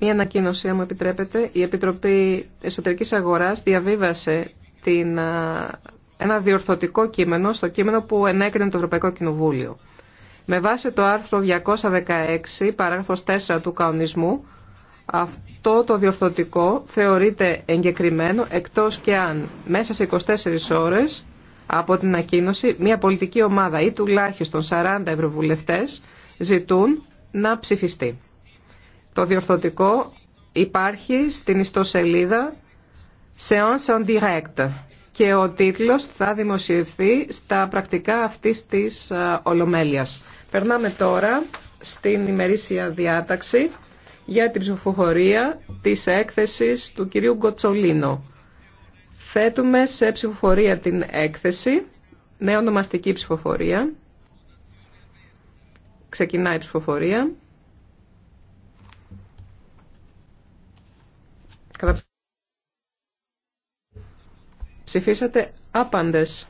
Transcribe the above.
Μία ανακοίνωση, αν μου επιτρέπετε. Η Επιτροπή Εσωτερικής Αγοράς διαβίβασε την, ένα διορθωτικό κείμενο στο κείμενο που ενέκρινε το Ευρωπαϊκό Κοινοβούλιο. Με βάση το άρθρο 216, παράγραφος 4 του κανονισμού, αυτό το διορθωτικό θεωρείται εγκεκριμένο εκτός και αν μέσα σε 24 ώρες από την ακίνηση μια πολιτική ομάδα ή τουλάχιστον 40 ευρωβουλευτές ζητούν να ψηφιστεί. Το διορθωτικό υπάρχει στην ιστοσελίδα Seance en Direct και ο τίτλος θα δημοσιευθεί στα πρακτικά αυτής της Ολομέλειας. Περνάμε τώρα στην ημερήσια διάταξη για την ψηφοφορία της έκθεσης του κυρίου Γκοτσολίνο. Θέτουμε σε ψηφοφορία την έκθεση, νέα ονομαστική ψηφοφορία. Ξεκινάει η ψηφοφορία. Ψηφίσατε άπαντες.